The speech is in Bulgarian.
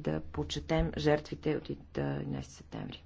да почетем жертвите от 11 септември.